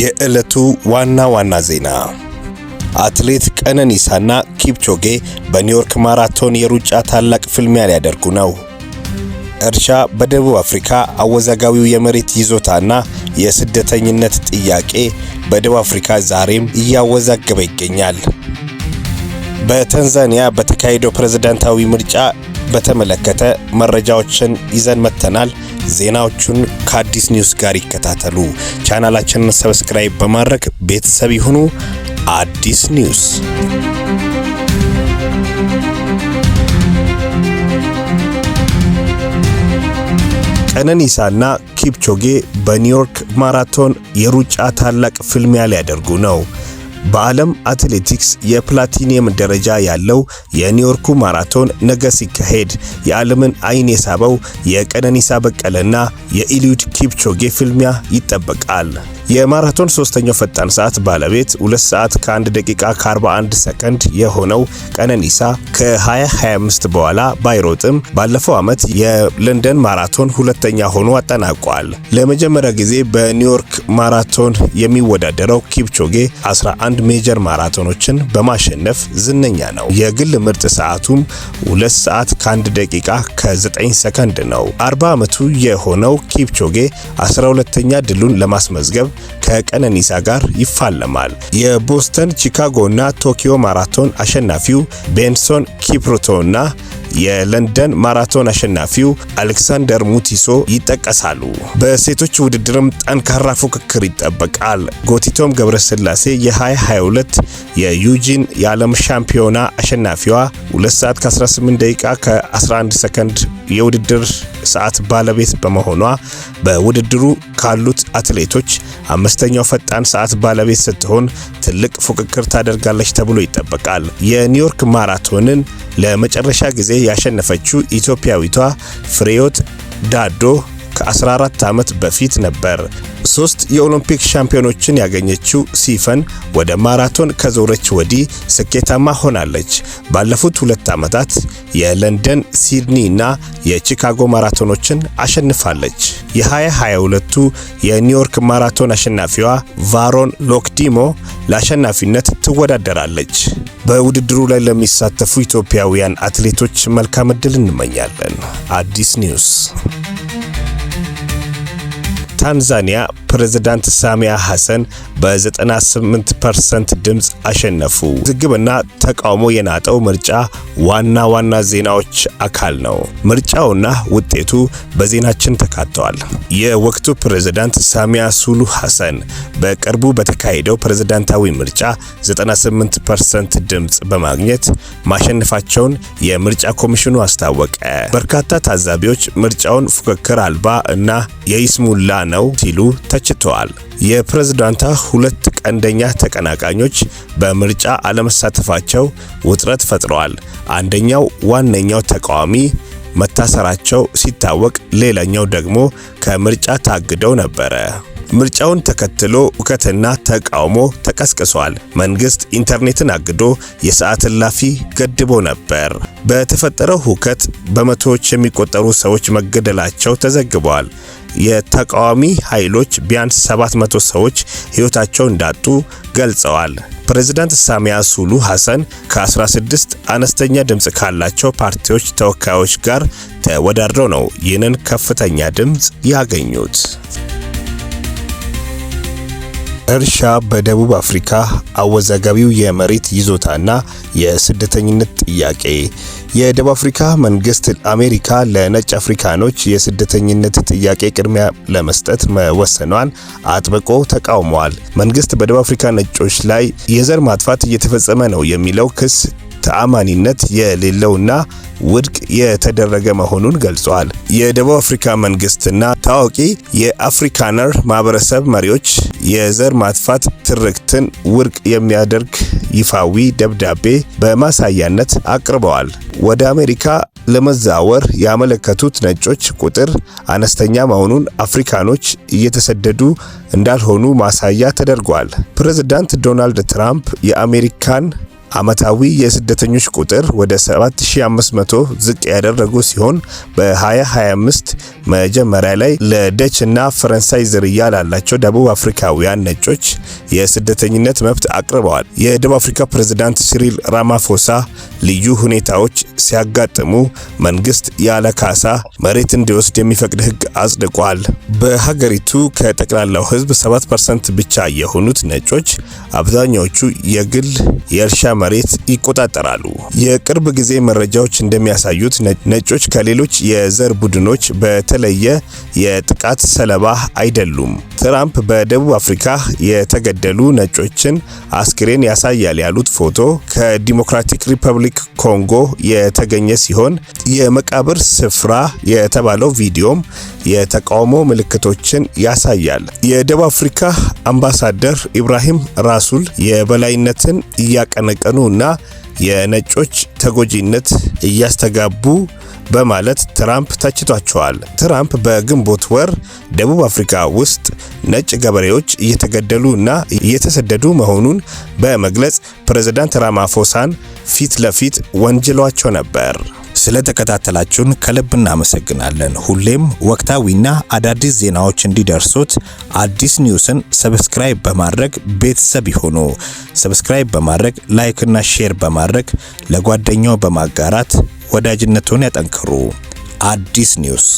የዕለቱ ዋና ዋና ዜና አትሌት ቀነኒሳና ኪፕቾጌ በኒውዮርክ ማራቶን የሩጫ ታላቅ ፍልሚያ ሊያደርጉ ነው። እርሻ በደቡብ አፍሪካ አወዛጋቢው የመሬት ይዞታና የስደተኝነት ጥያቄ በደቡብ አፍሪካ ዛሬም እያወዛገበ ይገኛል። በታንዛኒያ በተካሄደው ፕሬዝዳንታዊ ምርጫ በተመለከተ መረጃዎችን ይዘን መጥተናል። ዜናዎቹን ከአዲስ ኒውስ ጋር ይከታተሉ። ቻናላችንን ሰብስክራይብ በማድረግ ቤተሰብ ይሁኑ። አዲስ ኒውስ ቀነኒሳና ኪፕቾጌ በኒውዮርክ ማራቶን የሩጫ ታላቅ ፍልሚያ ሊያደርጉ ነው። በዓለም አትሌቲክስ የፕላቲኒየም ደረጃ ያለው የኒውዮርኩ ማራቶን ነገ ሲካሄድ የዓለምን ዓይን የሳበው የቀነኒሳ በቀለና የኢልዩድ ኪፕቾጌ ፍልሚያ ይጠበቃል። የማራቶን ሶስተኛው ፈጣን ሰዓት ባለቤት 2 ሰዓት ከ1 ደቂቃ ከ41 ሰከንድ የሆነው ቀነኒሳ ከ2025 በኋላ ባይሮጥም ባለፈው ዓመት የለንደን ማራቶን ሁለተኛ ሆኖ አጠናቋል። ለመጀመሪያ ጊዜ በኒውዮርክ ማራቶን የሚወዳደረው ኪፕቾጌ 11 ሜጀር ማራቶኖችን በማሸነፍ ዝነኛ ነው። የግል ምርጥ ሰዓቱም 2 ሰዓት ከ1 ደቂቃ ከ9 ሰከንድ ነው። 40 ዓመቱ የሆነው ኪፕቾጌ 12ኛ ድሉን ለማስመዝገብ ከቀነኒሳ ጋር ይፋለማል። የቦስተን ቺካጎ እና ቶኪዮ ማራቶን አሸናፊው ቤንሶን እና የለንደን ማራቶን አሸናፊው አሌክሳንደር ሙቲሶ ይጠቀሳሉ። በሴቶች ውድድርም ጠንካራ ፉክክር ይጠበቃል። ጎቲቶም ገብረስላሴ የ2022 የዩጂን የዓለም ሻምፒዮና አሸናፊዋ 2 ሰዓት ከ18 ደቂቃ ከ11 ሰከንድ የውድድር ሰዓት ባለቤት በመሆኗ በውድድሩ ካሉት አትሌቶች አምስተኛው ፈጣን ሰዓት ባለቤት ስትሆን ትልቅ ፉክክር ታደርጋለች ተብሎ ይጠበቃል። የኒውዮርክ ማራቶንን ለመጨረሻ ጊዜ ያሸነፈችው ኢትዮጵያዊቷ ፍሬዮት ዳዶ ከ14 ዓመት በፊት ነበር። ሶስት የኦሎምፒክ ሻምፒዮኖችን ያገኘችው ሲፈን ወደ ማራቶን ከዞረች ወዲህ ስኬታማ ሆናለች። ባለፉት ሁለት ዓመታት የለንደን፣ ሲድኒ እና የቺካጎ ማራቶኖችን አሸንፋለች። የ2022ቱ የኒውዮርክ ማራቶን አሸናፊዋ ቫሮን ሎክዲሞ ለአሸናፊነት ትወዳደራለች። በውድድሩ ላይ ለሚሳተፉ ኢትዮጵያውያን አትሌቶች መልካም ዕድል እንመኛለን። አዲስ ኒውስ የታንዛኒያ ፕሬዝዳንት ሳሚያ ሐሰን በ98 ፐርሰንት ድምፅ አሸነፉ። ዝግብና ተቃውሞ የናጠው ምርጫ ዋና ዋና ዜናዎች አካል ነው። ምርጫውና ውጤቱ በዜናችን ተካተዋል። የወቅቱ ፕሬዝዳንት ሳሚያ ሱሉ ሐሰን በቅርቡ በተካሄደው ፕሬዝዳንታዊ ምርጫ 98 ፐርሰንት ድምፅ በማግኘት ማሸነፋቸውን የምርጫ ኮሚሽኑ አስታወቀ። በርካታ ታዛቢዎች ምርጫውን ፉክክር አልባ እና የይስሙላ ነው ነው ሲሉ ተችተዋል። የፕሬዝዳንታ ሁለት ቀንደኛ ተቀናቃኞች በምርጫ አለመሳተፋቸው ውጥረት ፈጥረዋል። አንደኛው ዋነኛው ተቃዋሚ መታሰራቸው ሲታወቅ፣ ሌላኛው ደግሞ ከምርጫ ታግደው ነበረ። ምርጫውን ተከትሎ ሁከትና ተቃውሞ ተቀስቅሷል። መንግስት ኢንተርኔትን አግዶ የሰዓት እላፊ ገድቦ ነበር። በተፈጠረው ሁከት በመቶዎች የሚቆጠሩ ሰዎች መገደላቸው ተዘግቧል። የተቃዋሚ ኃይሎች ቢያንስ 700 ሰዎች ሕይወታቸው እንዳጡ ገልጸዋል። ፕሬዝዳንት ሳሚያ ሱሉ ሐሰን ከ16 አነስተኛ ድምፅ ካላቸው ፓርቲዎች ተወካዮች ጋር ተወዳድረው ነው ይህንን ከፍተኛ ድምፅ ያገኙት። እርሻ በደቡብ አፍሪካ አወዛጋቢው የመሬት ይዞታና የስደተኝነት ጥያቄ። የደቡብ አፍሪካ መንግስት አሜሪካ ለነጭ አፍሪካኖች የስደተኝነት ጥያቄ ቅድሚያ ለመስጠት መወሰኗን አጥብቆ ተቃውሟል። መንግስት በደቡብ አፍሪካ ነጮች ላይ የዘር ማጥፋት እየተፈጸመ ነው የሚለው ክስ ተአማኒነት የሌለውና ውድቅ የተደረገ መሆኑን ገልጸዋል። የደቡብ አፍሪካ መንግስትና ታዋቂ የአፍሪካነር ማህበረሰብ መሪዎች የዘር ማጥፋት ትርክትን ውድቅ የሚያደርግ ይፋዊ ደብዳቤ በማሳያነት አቅርበዋል። ወደ አሜሪካ ለመዛወር ያመለከቱት ነጮች ቁጥር አነስተኛ መሆኑን አፍሪካኖች እየተሰደዱ እንዳልሆኑ ማሳያ ተደርጓል። ፕሬዝዳንት ዶናልድ ትራምፕ የአሜሪካን አመታዊ የስደተኞች ቁጥር ወደ 7500 ዝቅ ያደረጉ ሲሆን በ2025 መጀመሪያ ላይ ለደች እና ፈረንሳይ ዝርያ ላላቸው ደቡብ አፍሪካውያን ነጮች የስደተኝነት መብት አቅርበዋል። የደቡብ አፍሪካ ፕሬዝዳንት ሲሪል ራማፎሳ ልዩ ሁኔታዎች ሲያጋጥሙ መንግስት ያለ ካሳ መሬት እንዲወስድ የሚፈቅድ ህግ አጽድቋል። በሀገሪቱ ከጠቅላላው ህዝብ 7 ብቻ የሆኑት ነጮች አብዛኛዎቹ የግል የእርሻ መሬት ይቆጣጠራሉ። የቅርብ ጊዜ መረጃዎች እንደሚያሳዩት ነጮች ከሌሎች የዘር ቡድኖች በተለየ የጥቃት ሰለባ አይደሉም። ትራምፕ በደቡብ አፍሪካ የተገደሉ ነጮችን አስክሬን ያሳያል ያሉት ፎቶ ከዲሞክራቲክ ሪፐብሊክ ኮንጎ የተገኘ ሲሆን የመቃብር ስፍራ የተባለው ቪዲዮም የተቃውሞ ምልክቶችን ያሳያል። የደቡብ አፍሪካ አምባሳደር ኢብራሂም ራሱል የበላይነትን እያቀነቀ እንዲያጠኑ እና የነጮች ተጎጂነት እያስተጋቡ በማለት ትራምፕ ተችቷቸዋል። ትራምፕ በግንቦት ወር ደቡብ አፍሪካ ውስጥ ነጭ ገበሬዎች እየተገደሉ እና እየተሰደዱ መሆኑን በመግለጽ ፕሬዝዳንት ራማፎሳን ፊት ለፊት ወንጅሏቸው ነበር። ስለተከታተላችሁን ከልብ እናመሰግናለን። ሁሌም ወቅታዊና አዳዲስ ዜናዎች እንዲደርሱት አዲስ ኒውስን ሰብስክራይብ በማድረግ ቤተሰብ ይሁኑ። ሰብስክራይብ በማድረግ ላይክና ሼር በማድረግ ለጓደኛው በማጋራት ወዳጅነቱን ያጠንክሩ። አዲስ ኒውስ